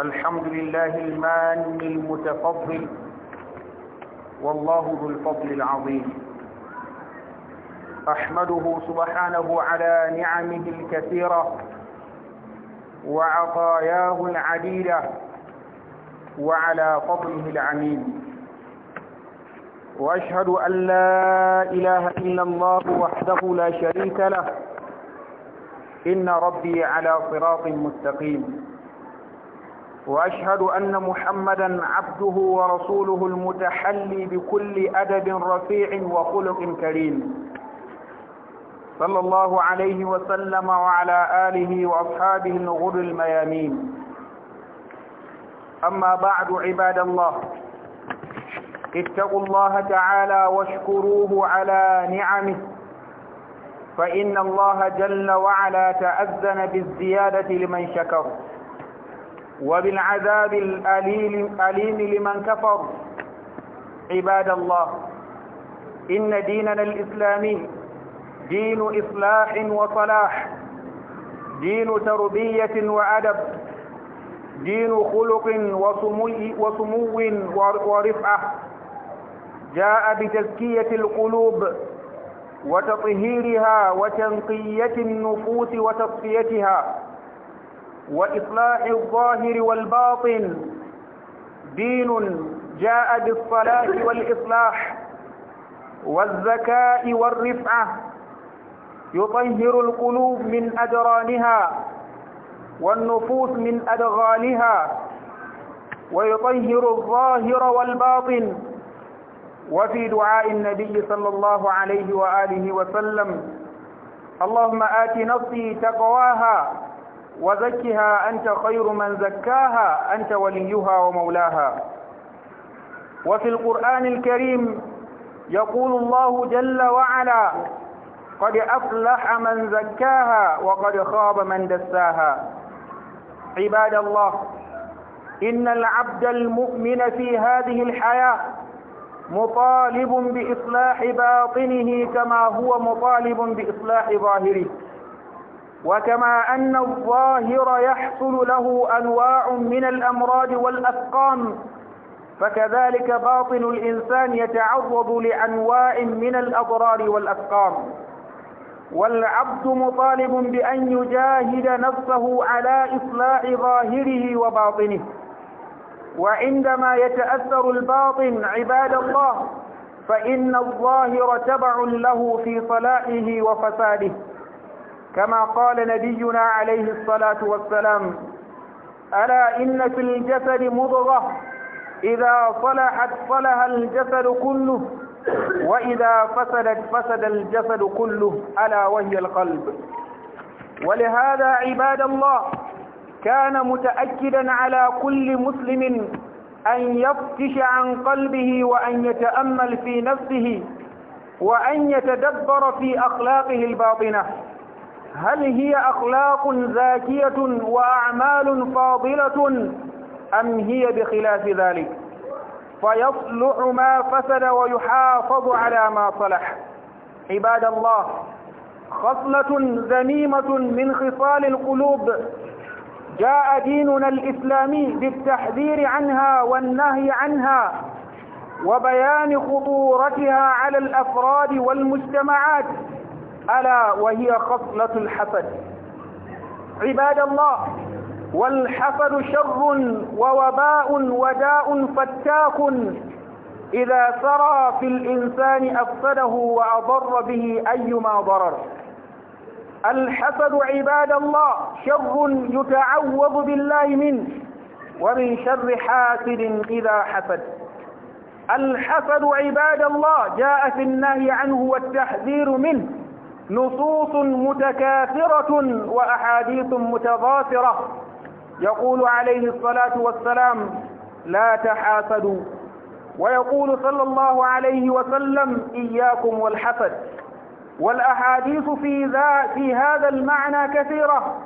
الحمد لله المان المتفضل والله ذو الفضل العظيم أحمده سبحانه على نعمه الكثيرة وعطاياه العديدة وعلى فضله العميم وأشهد أن لا إله إلا الله وحده لا شريك له إن ربي على صراط مستقيم وأشهد أن محمدا عبده ورسوله المتحلي بكل أدب رفيع وخلق كريم صلى الله عليه وسلم وعلى آله وأصحابه الغر الميامين أما بعد عباد الله اتقوا الله تعالى واشكروه على نعمه فإن الله جل وعلا تأذن بالزيادة لمن شكر وبالعذاب الأليم, الأليم لمن كفر عباد الله إن ديننا الإسلامي دين إصلاح وصلاح دين تربية وأدب دين خلق وسمو ورفعة جاء بتزكية القلوب وتطهيرها وتنقية النفوس وتصفيتها وإصلاح الظاهر والباطن دين جاء بالصلاة والإصلاح والذكاء والرفعة يطهر القلوب من أدرانها والنفوس من أدغالها ويطهر الظاهر والباطن وفي دعاء النبي صلى الله عليه وآله وسلم اللهم آت نفسي تقواها وزكها أنت خير من زكاها أنت وليها ومولاها وفي القرآن الكريم يقول الله جل وعلا قد أفلح من زكاها وقد خاب من دساها عباد الله إن العبد المؤمن في هذه الحياة مطالب بإصلاح باطنه كما هو مطالب بإصلاح ظاهره وكما أن الظاهر يحصل له أنواع من الأمراض والأسقام فكذلك باطن الإنسان يتعرض لأنواع من الأضرار والأسقام والعبد مطالب بأن يجاهد نفسه على إصلاح ظاهره وباطنه وعندما يتأثر الباطن عباد الله فإن الظاهر تبع له في صلاحه وفساده كما قال نبينا عليه الصلاة والسلام ألا إن في الجسد مضغة إذا صلحت صلح الجسد كله وإذا فسدت فسد الجسد كله ألا وهي القلب ولهذا عباد الله كان متأكدا على كل مسلم أن يفتش عن قلبه وأن يتأمل في نفسه وأن يتدبر في أخلاقه الباطنة هل هي أخلاق زاكية وأعمال فاضلة أم هي بخلاف ذلك فيصلح ما فسد ويحافظ على ما صلح عباد الله خصلة ذميمة من خصال القلوب جاء ديننا الإسلامي بالتحذير عنها والنهي عنها وبيان خطورتها على الأفراد والمجتمعات ألا وهي خصلة الحسد عباد الله والحسد شر ووباء وداء فتاك إذا سرى في الإنسان أفسده وأضر به أيما ضرر الحسد عباد الله شر يتعوذ بالله منه ومن شر حاسد إذا حسد الحسد عباد الله جاء في النهي عنه والتحذير منه نصوص متكاثرة وأحاديث متضافرة يقول عليه الصلاة والسلام لا تحاسدوا ويقول صلى الله عليه وسلم إياكم والحسد والأحاديث في, ذا في هذا المعنى كثيرة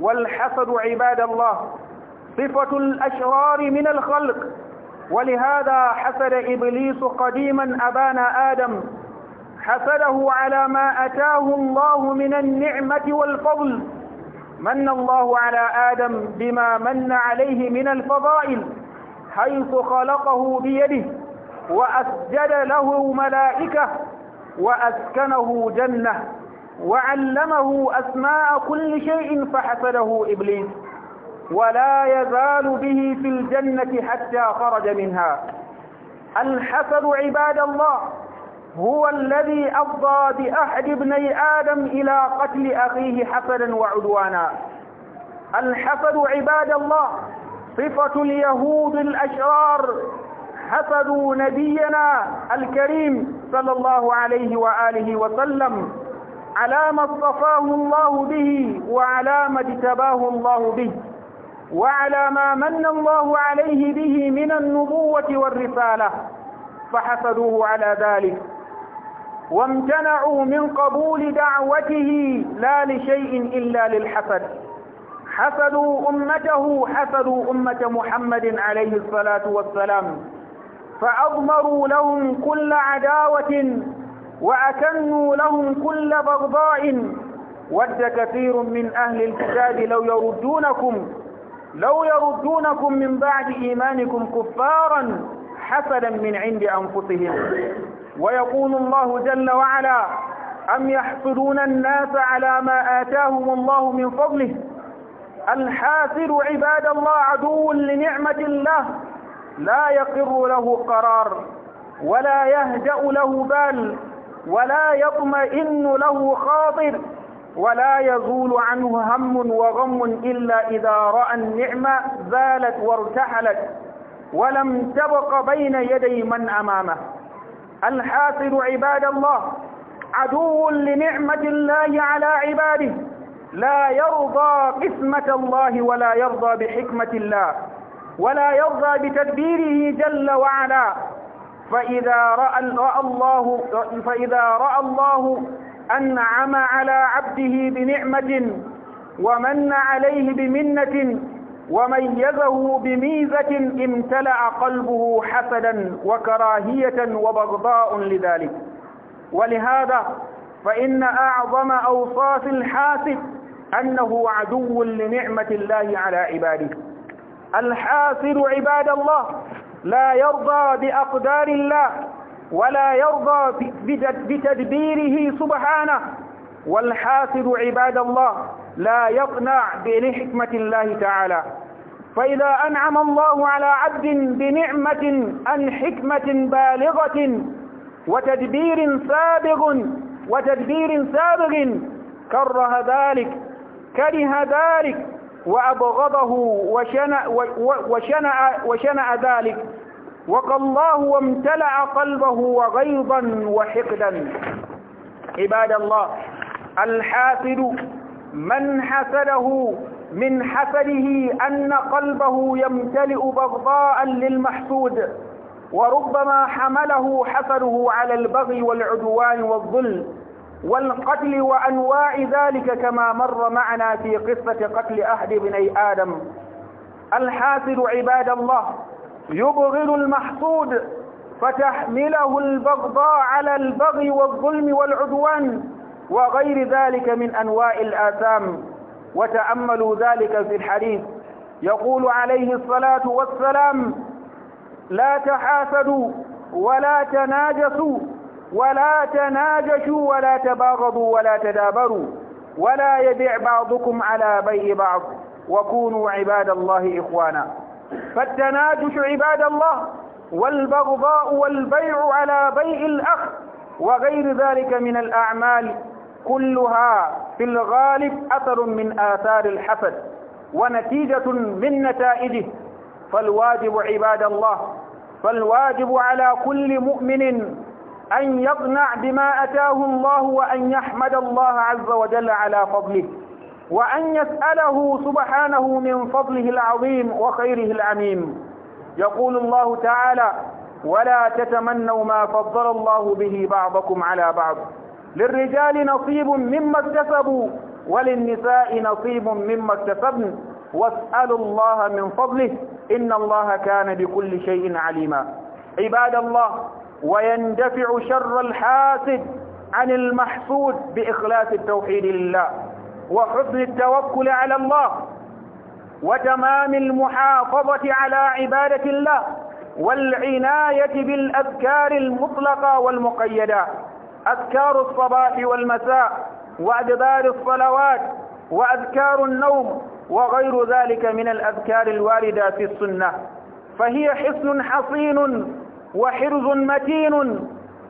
والحسد عباد الله صفة الأشرار من الخلق ولهذا حسد إبليس قديما أبانا آدم حفله على ما أتاه الله من النعمة والفضل من الله على آدم بما من عليه من الفضائل حيث خلقه بيده وأسجد له ملائكة وأسكنه جنة وعلمه أسماء كل شيء فحسده إبليس ولا يزال به في الجنة حتى خرج منها الحسد عباد الله هو الذي أفضى بأحد ابني آدم إلى قتل أخيه حسدا وعدوانا الحسد عباد الله صفة اليهود الأشرار حسدوا نبينا الكريم صلى الله عليه وآله وسلم على ما اصطفاه الله به وعلى ما اجتباه الله به وعلى ما من الله عليه به من النبوة والرسالة فحسدوه على ذلك وامتنعوا من قبول دعوته لا لشيء إلا للحسد حسدوا أمته حسدوا أمة محمد عليه الصلاة والسلام فأضمروا لهم كل عداوة وأكنوا لهم كل بغضاء ود كثير من أهل الكتاب لو يردونكم لو يردونكم من بعد إيمانكم كفارا حسدا من عند أنفسهم ويقول الله جل وعلا أم يحصدون الناس على ما آتاهم الله من فضله الحاسد عباد الله عدو لنعمة الله لا يقر له قرار ولا يهجأ له بال ولا يطمئن له خاطر ولا يزول عنه هم وغم إلا إذا رأى النعمة زالت وارتحلت ولم تبق بين يدي من أمامه الحاسد عباد الله عدو لنعمة الله على عباده لا يرضى قسمة الله ولا يرضى بحكمة الله ولا يرضى بتدبيره جل وعلا فإذا رأى, رأى الله فإذا رأى الله أنعم على عبده بنعمة ومن عليه بمنة وميزه بميزة امتلأ قلبه حسدا وكراهية وبغضاء لذلك ولهذا فإن أعظم أوصاف الحاسد أنه عدو لنعمة الله على عباده الحاسد عباد الله لا يرضى بأقدار الله ولا يرضى بتدبيره سبحانه والحاسد عباد الله لا يقنع بحكمة الله تعالى فإذا أنعم الله على عبد بنعمة عن حكمة بالغة وتدبير سابغ وتدبير سابغ كره ذلك كره ذلك وأبغضه وشنأ, وشنأ, وشنأ ذلك الله وامتلأ قلبه وغيظا وحقدا عباد الله الحاسد من حسده من حسده أن قلبه يمتلئ بغضاء للمحسود وربما حمله حسده على البغي والعدوان والظلم والقتل وأنواع ذلك كما مر معنا في قصة قتل أحد بني آدم الحاسد عباد الله يبغض المحسود فتحمله البغضاء على البغي والظلم والعدوان وغير ذلك من أنواع الآثام وتأملوا ذلك في الحديث يقول عليه الصلاة والسلام لا تحاسدوا ولا تناجسوا ولا تناجشوا ولا تباغضوا ولا تدابروا ولا يبيع بعضكم على بيع بعض وكونوا عباد الله إخوانا فالتناجش عباد الله والبغضاء والبيع على بيع الأخ وغير ذلك من الأعمال كلها في الغالب أثر من آثار الحسد ونتيجة من نتائجه فالواجب عباد الله فالواجب على كل مؤمن أن يقنع بما أتاه الله وأن يحمد الله عز وجل على فضله وأن يسأله سبحانه من فضله العظيم وخيره العميم يقول الله تعالى ولا تتمنوا ما فضل الله به بعضكم على بعض للرجال نصيب مما اكتسبوا وللنساء نصيب مما اكتسبن واسألوا الله من فضله إن الله كان بكل شيء عليما عباد الله ويندفع شر الحاسد عن المحسود بإخلاص التوحيد لله وحسن التوكل على الله وتمام المحافظة على عبادة الله والعناية بالأذكار المطلقة والمقيدة أذكار الصباح والمساء وأدبار الصلوات وأذكار النوم وغير ذلك من الأذكار الواردة في السنة فهي حصن حصين وحرز متين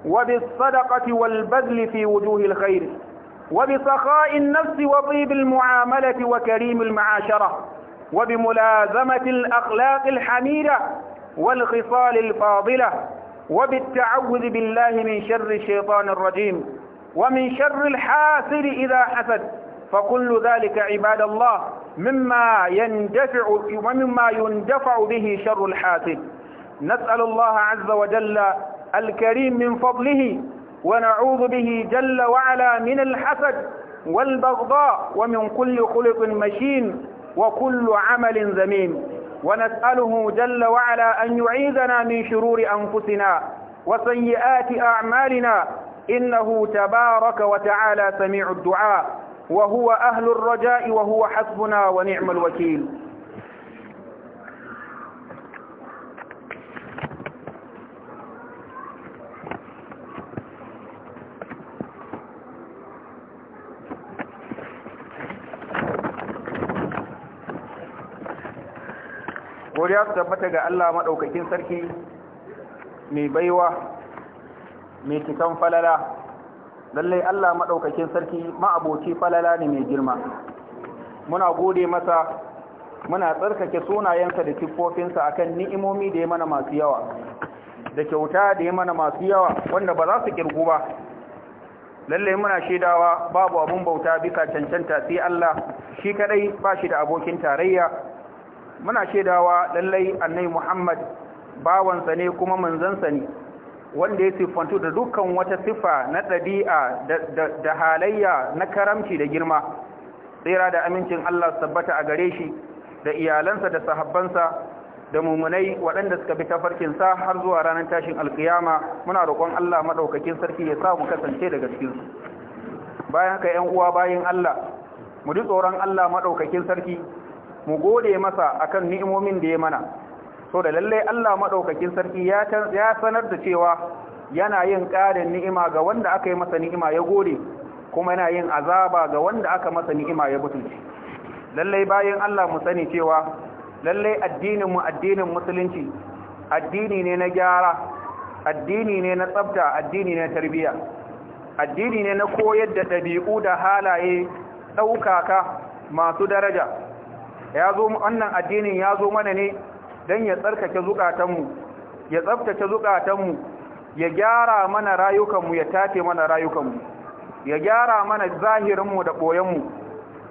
وبالصدقة والبذل في وجوه الخير وبسخاء النفس وطيب المعاملة وكريم المعاشرة وبملازمة الأخلاق الحميدة والخصال الفاضلة وبالتعوذ بالله من شر الشيطان الرجيم ومن شر الحاسد إذا حسد فكل ذلك عباد الله مما يندفع ومما يندفع به شر الحاسد نسأل الله عز وجل الكريم من فضله ونعوذ به جل وعلا من الحسد والبغضاء ومن كل خلق مشين وكل عمل ذميم ونسأله جل وعلا أن يعيذنا من شرور أنفسنا وسيئات أعمالنا إنه تبارك وتعالى سميع الدعاء وهو أهل الرجاء وهو حسبنا ونعم الوكيل godiya su tabbata ga Allah maɗaukakin sarki mai baiwa mai cikan falala lallai Allah maɗaukakin sarki ma'aboci falala ne mai girma muna gode masa muna tsarkake sunayensa da a kan ni'imomi da ya mana masu yawa da kyauta da ya mana masu yawa wanda ba za su kirgu ba lallai muna shaidawa babu abin bauta bisa cancanta sai Allah shi kaɗai ba shi da abokin tarayya muna shaidawa lallai annai muhammad bawansa ne kuma manzansa ne wanda ya siffantu da dukkan wata siffa na ɗabi'a da halayya na karamci da girma tsira da amincin Allah tabbata a gare shi da iyalansa da sahabbansa da mumunai waɗanda suka bi tafarkinsa har zuwa ranar tashin alkiyama muna roƙon Allah maɗaukakin sarki ya sa mu kasance daga su. bayan ka ‘yan uwa bayan Allah mu ji tsoron Allah maɗaukakin sarki mu gode masa akan ni'imomin da ya mana so da lalle Allah madaukakin sarki ya sanar da cewa yana yin ƙarin ni'ima ga wanda aka yi masa ni'ima ya gode kuma yana yin azaba ga wanda aka masa ni'ima ya mutunci. lalle bayan Allah mu sani cewa lalle addinin mu addinin musulunci addini ne na gyara addini ne na tsafta addini ne na tarbiyya addini ne na koyar da ɗabi'u da halaye ɗaukaka masu daraja ya zo wannan addinin ya zo mana ne don ya tsarkake zukatanmu ya tsaftace zukatanmu ya gyara mana rayukanmu ya tace mana rayukanmu ya gyara mana zahirinmu da ɓoyenmu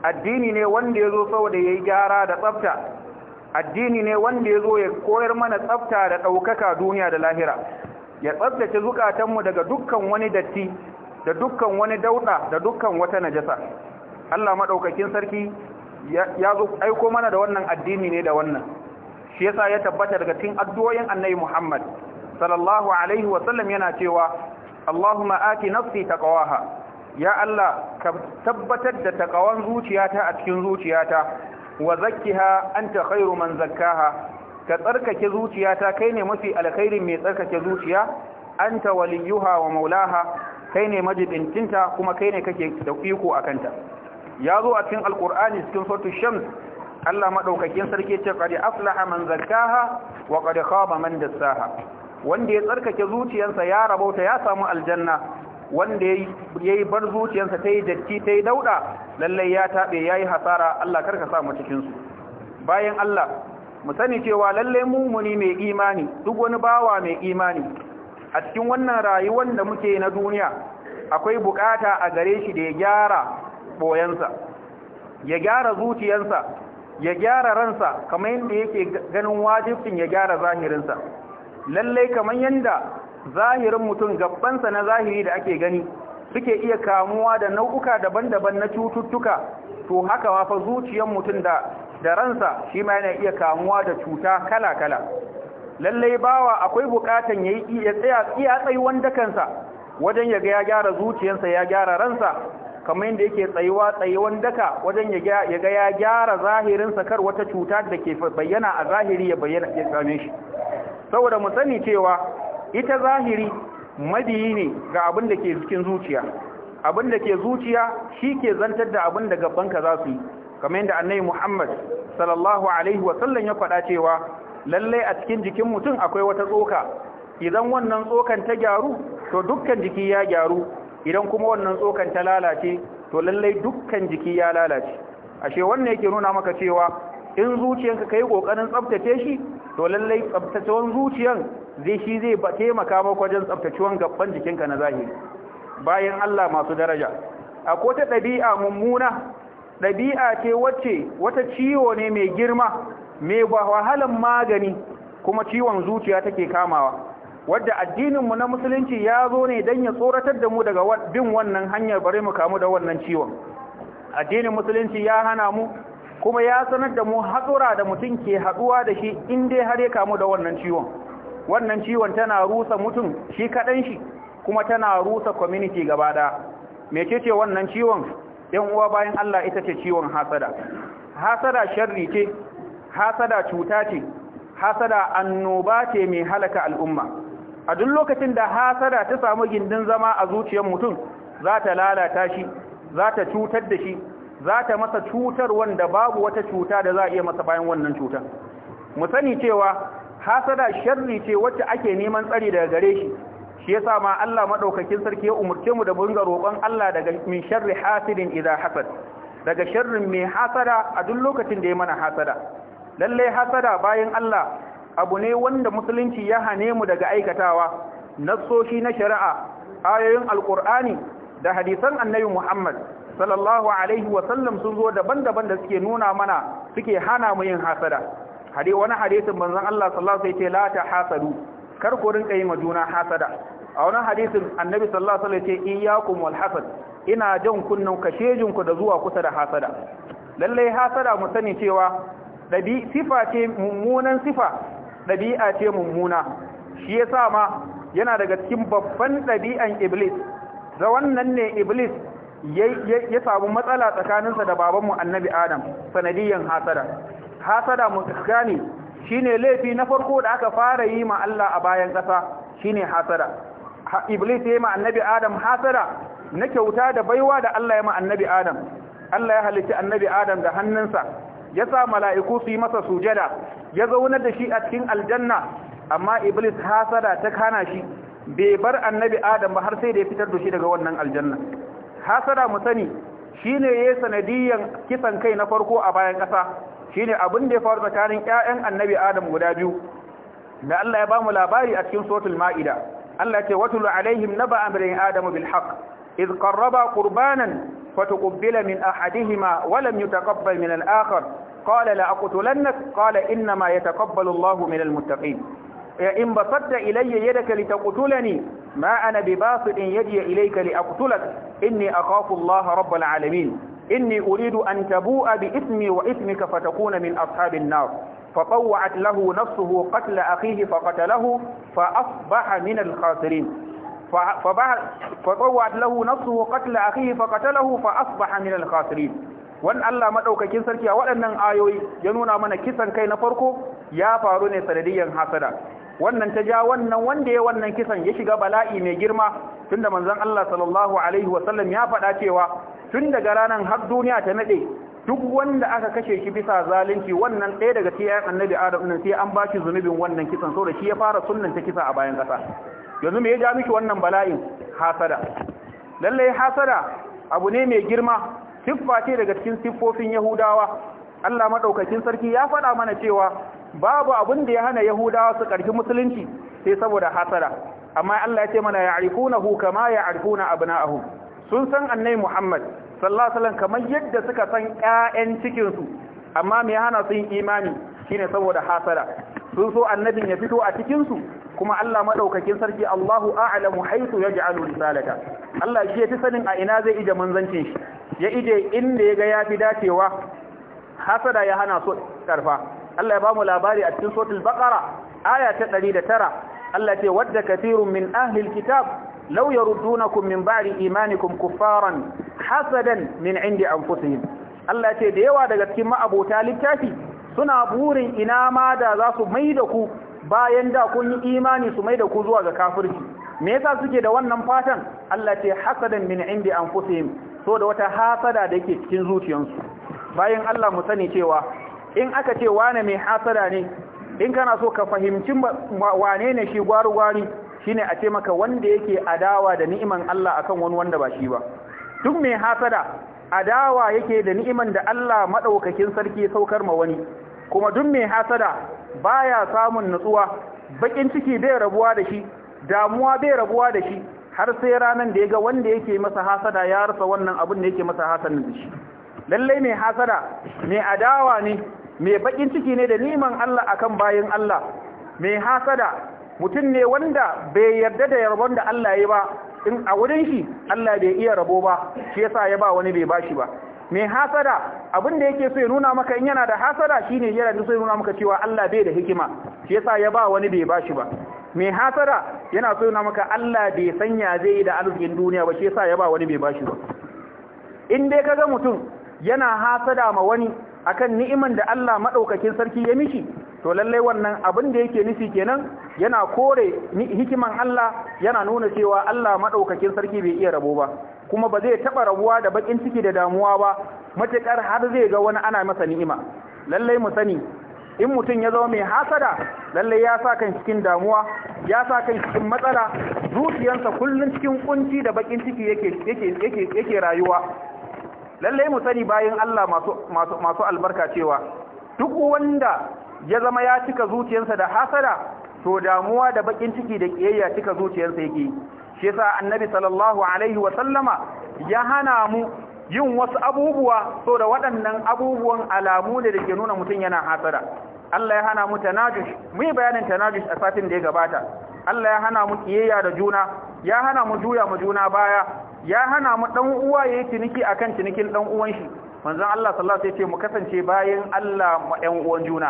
addini ne wanda ya zo saboda ya yi gyara da tsafta addini ne wanda ya zo ya koyar mana tsafta da ɗaukaka duniya da lahira ya tsaftace zukatanmu daga dukkan wani datti da dukkan wani dauɗa da dukkan wata najasa Allah maɗaukakin sarki ya zo aiko mana da wannan addini ne da wannan shi yasa ya tabbata daga cikin addu'o'in annabi Muhammad sallallahu alaihi wa sallam yana cewa Allahumma ati nafsi taqwaha ya Allah ka tabbatar da taqawan zuciyata a cikin zuciyata wa zakkiha anta khairu man zakkaha ka tsarkake zuciyata kai ne mafi alkhairi mai tsarkake zuciya anta waliyuha wa maulaha kai ne majibincinta kuma kai ne kake da iko akanta ya zo a cikin alkur'ani cikin sautu shams Allah madaukakin sarki ce qad aflaha man zakkaha wa qad khaba man dassaha wanda ya tsarkake zuciyarsa ya rabauta ya samu aljanna wanda yayi bar zuciyarsa tayi datti tayi dauda lalle ya tabe yayi hasara Allah karka sa mu cikin su bayan Allah mu sani cewa lalle mumuni mai imani duk wani bawa mai imani a cikin wannan rayuwar da muke na duniya akwai bukata a gare shi da ya gyara boyansa ya gyara zuciyarsa ya gyara ransa kamar yadda yake ganin wajibcin ya gyara zahirinsa lallai kamar yadda zahirin mutum gabansa na zahiri da ake gani suke iya kamuwa da nau'uka daban-daban na cututtuka to haka fa zuciyar mutum da da ransa shi ma yana iya kamuwa da cuta kala-kala lallai bawa akwai bukatan ya tsaya iya tsayuwan dakansa wajen ya ya gyara zuciyarsa ya gyara ransa kamar yadda yake tsayuwa tsayuwan daka wajen ya ga ya gyara zahirinsa kar wata cuta da ke bayyana a zahiri ya bayyana ya same shi saboda mu sani cewa ita zahiri madiyi ne ga abin da ke cikin zuciya abin da ke zuciya shi ke zantar da abin da ka za su yi kamar yadda annabi Muhammad sallallahu alaihi wa ya faɗa cewa lallai a cikin jikin mutum akwai wata tsoka idan wannan tsokan ta gyaru to dukkan jiki ya gyaru idan kuma wannan tsokan ta lalace to lallai dukkan jiki ya lalace ashe wannan yake nuna maka cewa in zuciyanka kai kokarin tsaftace shi to lallai tsaftacewan zuciyan zai shi zai taimaka maka wajen tsaftacewan gaban jikinka na zahiri bayan Allah masu daraja akwai ta ɗabi'a mummuna ɗabi'a ce wacce wata ciwo ne mai girma mai wahalan magani kuma ciwon zuciya take kamawa wadda addininmu na musulunci ya zo ne don ya tsoratar da mu daga bin wannan hanyar bare mu kamu da wannan ciwon addinin musulunci ya hana mu kuma ya sanar da mu hatsura da mutum ke haɗuwa da shi in dai har ya kamu da wannan ciwon wannan ciwon tana rusa mutum shi kaɗan shi kuma tana rusa community gaba ɗaya ce wannan ciwon yan uwa bayan Allah ita ce ciwon hasada hasada sharri ce hasada cuta ce hasada annoba ce mai halaka al'umma a duk lokacin da hasada ta samu gindin zama a zuciyar mutum za ta lalata shi za ta cutar da shi za ta masa cutar wanda babu wata cuta da za a iya masa bayan wannan cutar mu sani cewa hasada sharri ce wacce ake neman tsari daga gare shi shi yasa ma Allah madaukakin sarki ya umurce mu da bunga roƙon Allah daga min sharri hasidin idza hasad daga sharrin mai hasada a duk lokacin da ya mana hasada lalle hasada bayan Allah abu ne wanda musulunci ya hane mu daga aikatawa nassoshi na shari'a ayoyin alkur'ani da hadisan annabi Muhammad sallallahu alaihi sallam sun zo daban-daban da suke nuna mana suke hana mu yin hasada hade wani hadisin manzon Allah sallallahu alaihi sallam sai ce la hasadu kar ku rinka yi majuna hasada a wani hadisin annabi sallallahu alaihi wasallam ce iyyakum wal hasad ina jan kunnan kashejin ku da zuwa kusa da hasada lalle hasada mu sani cewa dabi sifa ce mummunan sifa ɗabi'a ce mummuna shi yasa ma yana daga cikin babban ɗabi'an iblis da wannan ne iblis ya samu matsala tsakaninsa da babanmu annabi adam sanadiyan hasada hasada mu shi ne laifi na farko da aka fara yi ma Allah a bayan ƙasa ne hasada iblis ya yi ma annabi adam hasada na kyauta da baiwa da Allah ya ma annabi adam Allah ya halitta annabi adam da hannunsa ya sa mala'iku su yi masa sujada ya zaunar da shi a cikin aljanna amma iblis hasada ta kana shi bai bar annabi adam ba har sai da ya fitar da shi daga wannan aljanna hasada mu sani shine sanadiyyan kisan kai na farko a bayan ƙasa shine abin da ya faru tsakanin ƴaƴan annabi adam guda biyu da Allah ya bamu labari a cikin suratul maida Allah ya ce watul alaihim naba amrin Adamu bil haqq iz qarraba qurbanan فتقبل من أحدهما ولم يتقبل من الآخر قال لأقتلنك قال إنما يتقبل الله من المتقين إن بسطت إلي يدك لتقتلني ما أنا بباسط يدي إليك لأقتلك إني أخاف الله رب العالمين إني أريد أن تبوء بإثمي وإثمك فتكون من أصحاب النار فطوعت له نفسه قتل أخيه فقتله فأصبح من الخاسرين فطوعت له نفسه قتل أخيه فقتله فأصبح من الخاسرين Allah الله sarki a waɗannan ayoyi ya nuna mana kisan kai na farko ya faru ne sanadiyan hasada wannan ta ja wannan wanda ya wannan kisan ya shiga bala'i mai girma tunda manzon Allah sallallahu alaihi wasallam ya faɗa cewa tun daga ranar har duniya ta nade duk wanda aka kashe shi bisa zalunci wannan ɗaya daga cikin annabi adam nan sai an ba shi zunubin wannan kisan saboda shi ya fara sunnan ta kisa a bayan ƙasa yanzu me ya ja miki wannan bala'in hasada Lallai hasada abu ne mai girma siffa ce daga cikin siffofin yahudawa Allah madaukakin sarki ya faɗa mana cewa babu abin da ya hana yahudawa su ƙarfi musulunci sai saboda hasada amma Allah ya ce mana ya'rifunahu kama ya'rifuna abna'ahum sun san annabi Muhammad sallallahu alaihi kamar yadda suka san ƴaƴan cikinsu amma amma ya hana su yin imani shine saboda hasada sun so annabin ya fito a cikin su kuma Allah madaukakin sarki Allahu a'lamu haythu yaj'alu risalata Allah shi ya sanin a ina zai ije manzancin shi ya ije inda ya ga yafi dacewa hasada ya hana su karfa Allah ya bamu labari a cikin suratul baqara aya ta 109 Allah ce wadda kathirun min ahli alkitab law yarudunakum min ba'di imanikum kuffaran hasadan min indi anfusihim Allah ce da yawa daga cikin ma'abota littafi suna burin ina ma da za su mai da ku bayan da kun yi imani su mai da ku zuwa ga kafirci me yasa suke da wannan fatan Allah ce hasadan min indi anfusihim so da wata hasada da yake cikin zuciyarsu bayan Allah mu sani cewa in aka ce wane mai hasada ne in kana so ka fahimci wane ne shi gwaru-gwari shine a ce maka wanda yake adawa da ni'iman Allah akan wani wanda ba shi ba duk mai hasada adawa yake da ni'iman da Allah maɗaukakin sarki saukar ma wani kuma duk mai hasada baya samun nutsuwa bakin ciki bai rabuwa da shi damuwa bai rabuwa da shi har sai ranan da ya ga wanda yake masa hasada ya rasa wannan abin da yake masa hasadan da shi lallai mai hasada mai adawa ne mai bakin ciki ne da niman Allah akan bayin Allah mai hasada mutum ne wanda bai yarda da yarbon da Allah ya yi ba in a wurin shi Allah bai iya rabo ba shi yasa ya ba wani bai bashi ba mai hasada abin da yake so ya nuna maka in yana da hasada shine yana da so ya nuna maka cewa Allah bai da hikima shi yasa ya ba wani bai bashi ba mai hasada yana so ya nuna maka Allah bai sanya zai yi da arzikin duniya ba shi yasa ya ba wani bai bashi ba in dai kaga mutum yana hasada ma wani akan ni'iman da Allah madaukakin sarki ya mishi to lallai wannan abin da yake nufi kenan yana kore hikiman Allah yana nuna cewa Allah madaukakin sarki bai iya rabo ba kuma ba zai taba rabuwa da bakin ciki da damuwa ba matakar har zai ga wani ana masa ni'ima lallai mu sani in mutum ya zama mai hasada lallai ya sa kan cikin damuwa ya sa kan cikin matsala zuciyarsa kullun cikin kunci da bakin ciki yake yake yake rayuwa lallai mu sani bayan Allah masu albarka cewa duk wanda ya zama ya cika zuciyarsa da hasada to damuwa da bakin ciki da kiyayya cika zuciyarsa yake shi yasa annabi sallallahu alaihi wa sallama ya hana mu yin wasu abubuwa so da waɗannan abubuwan alamu da ke nuna mutum yana hasada Allah ya hana mu tanajush mu yi bayanin tanajush a satin da ya gabata Allah ya hana mu kiyayya da juna ya hana mu juya mu juna baya ya hana mu dan uwa yayin ciniki akan cinikin dan uwan shi manzon Allah sallallahu alaihi wasallam ce mu kasance bayan Allah mu ɗan uwan juna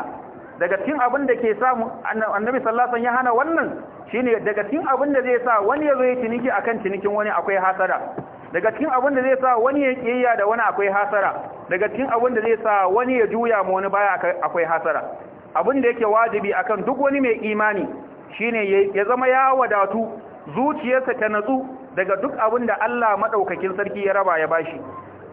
daga cikin abin da ke sa annabi sallallahu alaihi wasallam ya hana wannan shine daga cikin abin da zai sa wani ya zo ya ciniki akan cinikin wani akwai hasara daga cikin abin da zai sa wani ya kiyaya da wani akwai hasara daga cikin abin da zai sa wani ya juya ma wani baya akwai hasara abin da yake wajibi akan duk wani mai imani shine ya zama ya wadatu zuciyarsa ta natsu daga duk abin da Allah maɗaukakin sarki ya raba ya bashi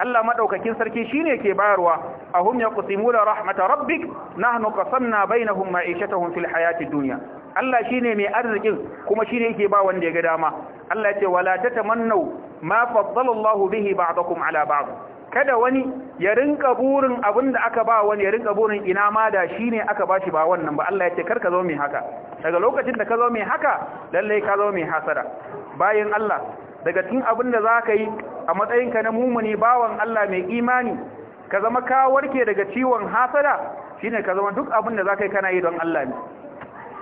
Allah maɗaukakin sarki shine ke bayarwa a ahum da rahmata rabbik bai na bainahum ma'ishatuhum fil hayati duniya. Allah shine mai arzikin kuma shine yake ba wanda ya ga dama Allah ya ce wala mannau ma faddala bihi ba'dakum ala ba'd kada wani ya rinka burin abinda aka ba wani ya rinka burin ina ma da shine aka bashi ba wannan ba Allah ya ce kar ka zo mai haka daga lokacin da ka zo mai haka lalle ka zo mai hasara bayan Allah daga cikin abin da za ka yi a matsayinka na mumuni bawan Allah mai imani ka zama ka warke daga ciwon hasada shi ne ka zama duk abin da za ka yi kana yi don Allah ne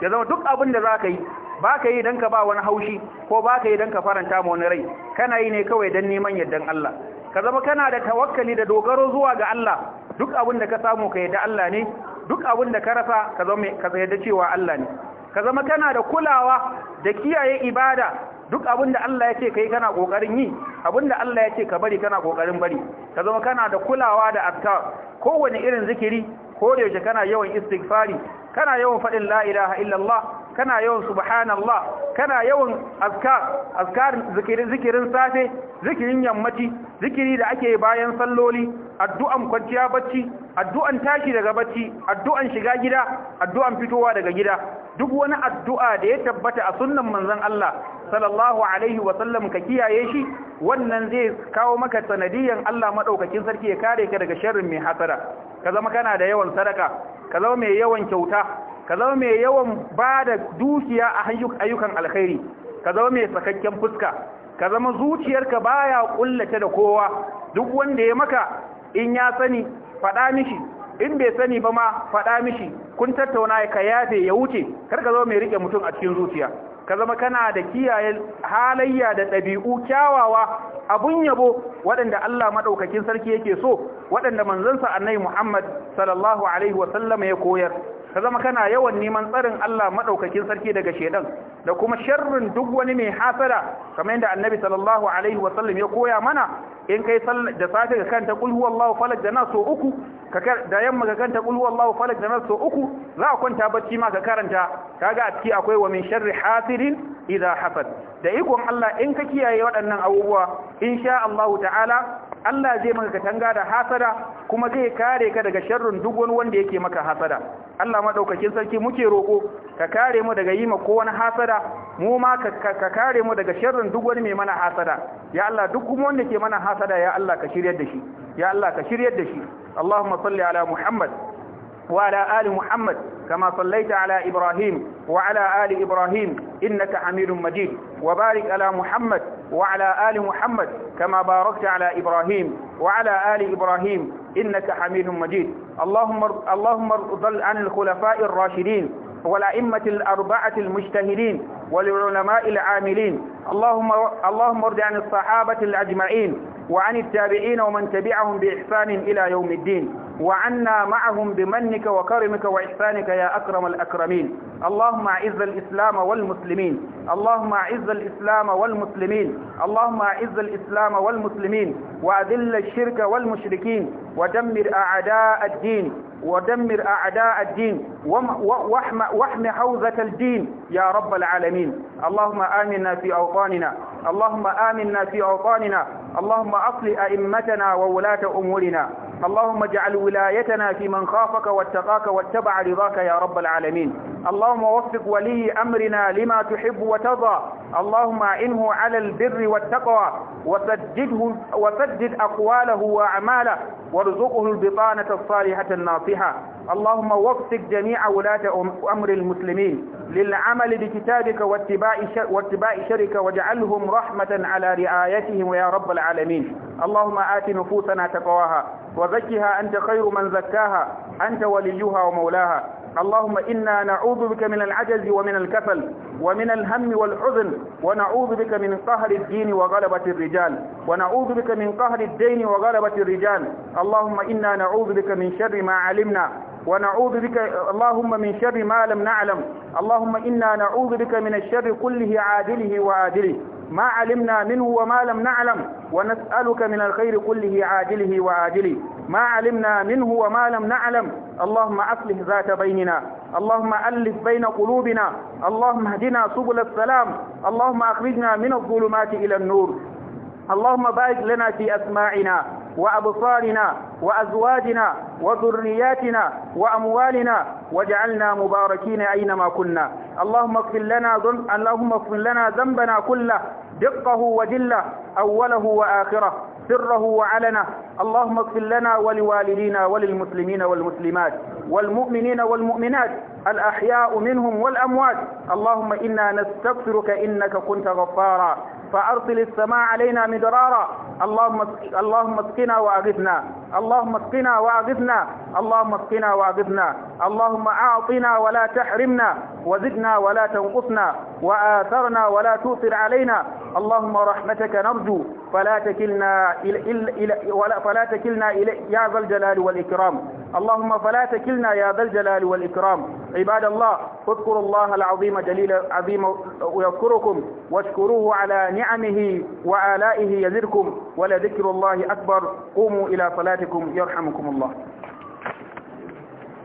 ya zama duk abin da za ka yi ba ka yi don ka ba wani haushi ko ba ka yi don ka faranta ma wani rai kana yi ne kawai don neman yardan Allah ka zama kana da tawakkali da dogaro zuwa ga Allah duk abin da ka samu ka yarda Allah ne duk abin da ka rasa ka zama ka yarda cewa Allah ne ka zama kana da kulawa da kiyaye ibada duk abin da Allah ya ce kai kana ƙoƙarin yi abin da Allah ya ce ka bari kana ƙoƙarin bari ka zama kana da kulawa da azkar kowane irin zikiri ko da yaushe kana yawan istighfari kana yawan faɗin la'ilaha illallah kana yawan subhanallah kana yawan azkar zikirin safe zikirin yammaci zikiri da ake bayan salloli addu'an kwanciya bacci addu'an tashi daga bacci addu'an shiga gida addu'an fitowa daga gida duk wani addu'a da ya tabbata a sunnan manzon Allah sallallahu alaihi ka kiyaye shi wannan zai kawo maka sanadiyan Allah maɗaukacin sarki ya kare ka daga sharrin mai hasara ka zama kana da yawan sadaka ka zama mai yawan kyauta ka zama mai yawan ba da dukiya a ayyukan alkhairi ka zama mai sakakken fuska ka zama zuciyarka baya kullace da kowa duk wanda ya maka in ya sani faɗa mishi in bai sani ba ma faɗa mishi kun tattauna ka yafe ya wuce kar ka zama mai rike mutum a cikin zuciya ka zama kana da kiyaye halayya da ɗabi'u kyawawa abun yabo waɗanda Allah maɗaukakin sarki yake so waɗanda manzansa annai Muhammad sallallahu alaihi wasallama ya koyar ka zama kana yawan neman tsarin Allah maɗaukakin sarki daga shaidan. da kuma sharrin duk wani mai hasada kamar yadda annabi sallallahu alaihi wasallam ya koya mana in kai da safe ka kanta kul huwallahu falak da nas uku da yamma ka kanta kul huwallahu falak da nas uku za a kwanta bacci ma ka karanta kaga a ciki akwai wa min sharri hasidin idan hasad da ikon Allah in ka kiyaye waɗannan abubuwa insha Allah ta'ala Allah zai maka katanga da hasada kuma zai kare ka daga sharrin duk wani wanda yake maka hasada Allah madaukakin sarki muke roko ka kare mu daga yi ma ko wani hasada hasada mu ma ka kare mu daga sharrin duk wani mai mana hasada ya Allah duk kuma wanda ke mana hasada ya Allah ka shiryar da shi ya Allah ka shiryar da shi Allahumma salli ala Muhammad wa ala ali Muhammad kama sallaita ala Ibrahim wa ala ali Ibrahim innaka Hamidum Majid wa barik ala Muhammad wa ala ali Muhammad kama barakta ala Ibrahim wa ala ali Ibrahim innaka Hamidum Majid Allahumma Allahumma ardhal an al-khulafa'i ar-rashidin والأئمة الأربعة المجتهدين والعلماء العاملين اللهم اللهم ارض عن الصحابة الأجمعين وعن التابعين ومن تبعهم بإحسان إلى يوم الدين وعنا معهم بمنك وكرمك وإحسانك يا أكرم الأكرمين اللهم أعز الإسلام والمسلمين اللهم أعز الإسلام والمسلمين اللهم أعز الإسلام والمسلمين وأذل الشرك والمشركين ودمر أعداء الدين ودمر أعداء الدين واحم حوزة الدين يا رب العالمين اللهم آمنا في أوطاننا اللهم آمنا في أوطاننا اللهم أصل أئمتنا وولاة أمورنا اللهم اجعل ولايتنا في من خافك واتقاك واتبع رضاك يا رب العالمين اللهم وفق ولي أمرنا لما تحب وترضى اللهم أعنه على البر والتقوى وسدده وسدد أقواله وأعماله وارزقه البطانة الصالحة الناصحة اللهم وفق جميع ولاة أمر المسلمين للعمل بكتابك واتباع شرك واجعلهم رحمة على رعايتهم يا رب العالمين اللهم آت نفوسنا تقواها وزكها أنت خير من زكاها أنت وليها ومولاها اللهم إنا نعوذ بك من العجز ومن الكسل ومن الهم والحزن ونعوذ بك من قهر الدين وغلبة الرجال ونعوذ بك من قهر الدين وغلبة الرجال اللهم إنا نعوذ بك من شر ما علمنا ونعوذ بك اللهم من شر ما لم نعلم اللهم إنا نعوذ بك من الشر كله عادله وعادله ما علمنا منه وما لم نعلم ونسألك من الخير كله عاجله وعادله ما علمنا منه وما لم نعلم اللهم أصلح ذات بيننا اللهم ألف بين قلوبنا اللهم اهدنا سبل السلام اللهم أخرجنا من الظلمات إلى النور اللهم بارك لنا في أسماعنا وأبصارنا وأزواجنا وذرياتنا وأموالنا واجعلنا مباركين أينما كنا اللهم اغفر لنا ذنب اللهم اغفر لنا ذنبنا كله دقه وجله أوله وآخره سره وعلنه اللهم اغفر لنا ولوالدينا وللمسلمين والمسلمات والمؤمنين والمؤمنات الأحياء منهم والأموات اللهم إنا نستغفرك إنك كنت غفارا فأرسل السماء علينا مدرارا اللهم اللهم اسقنا واغثنا اللهم اسقنا واغثنا اللهم اسقنا واغثنا اللهم اعطنا ولا تحرمنا وزدنا ولا تنقصنا واثرنا ولا تؤثر علينا اللهم رحمتك نرجو فلا تكلنا إلى إلا إلا فلا تكلنا إلى يا ذا الجلال والإكرام اللهم فلا تكلنا يا ذا الجلال والإكرام عباد الله اذكروا الله العظيم جليل عظيم يذكركم واشكروه على نعمه وآلائه يزدكم ولذكر الله أكبر قوموا إلى صلاتكم يرحمكم الله